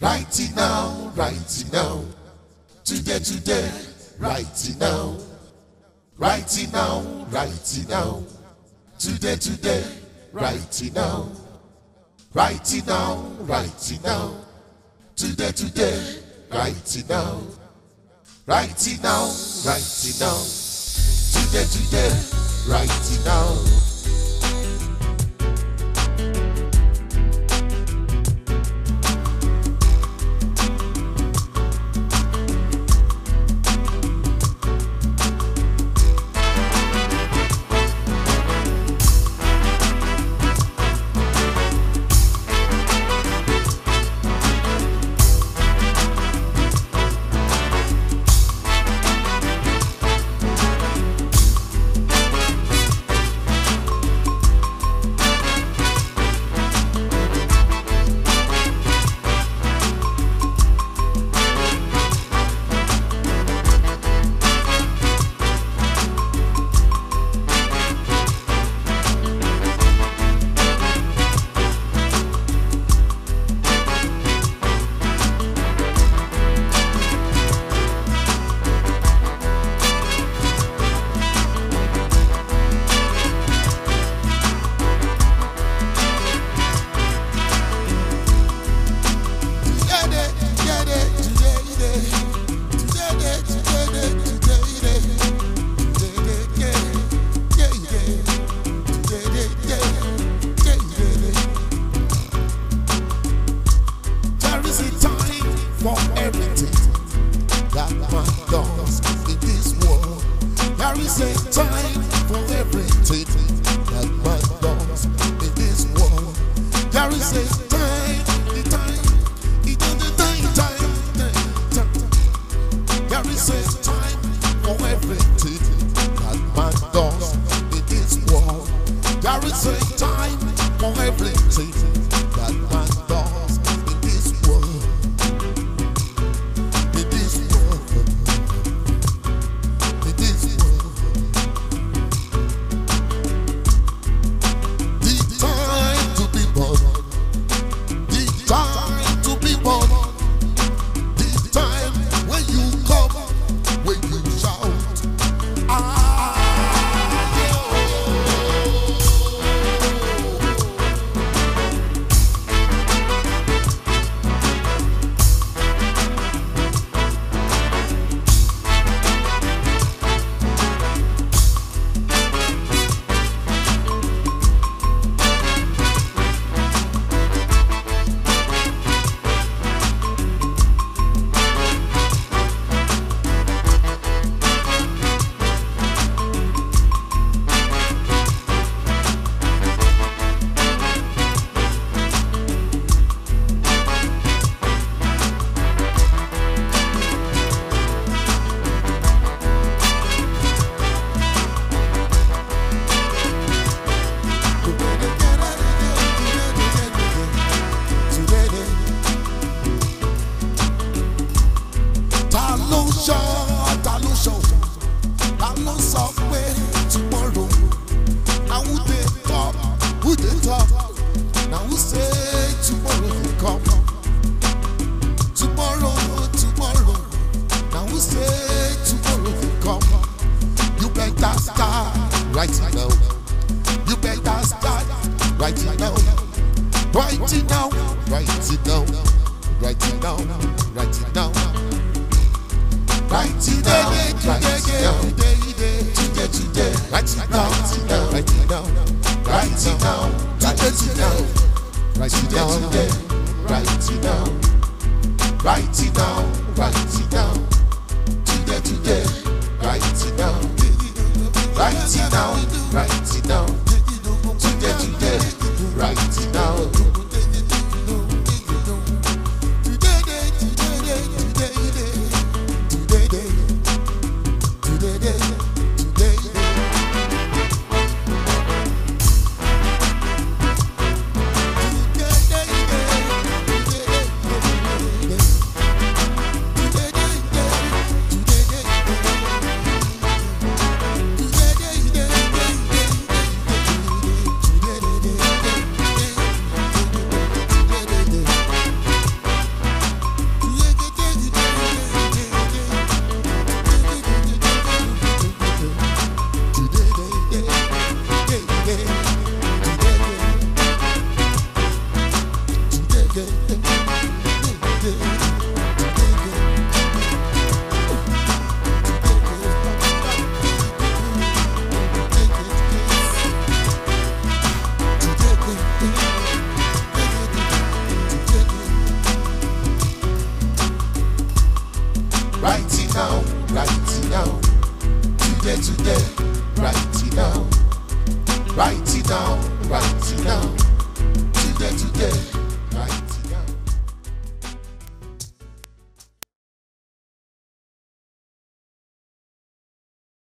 Right now, right now. Today, today, right now. Right now, right now. Today, today, right now. Right now, right now. Today, today, right now. Right now, right now. Today, today, right now. carefully. See, right, sit down. right now, today, today, right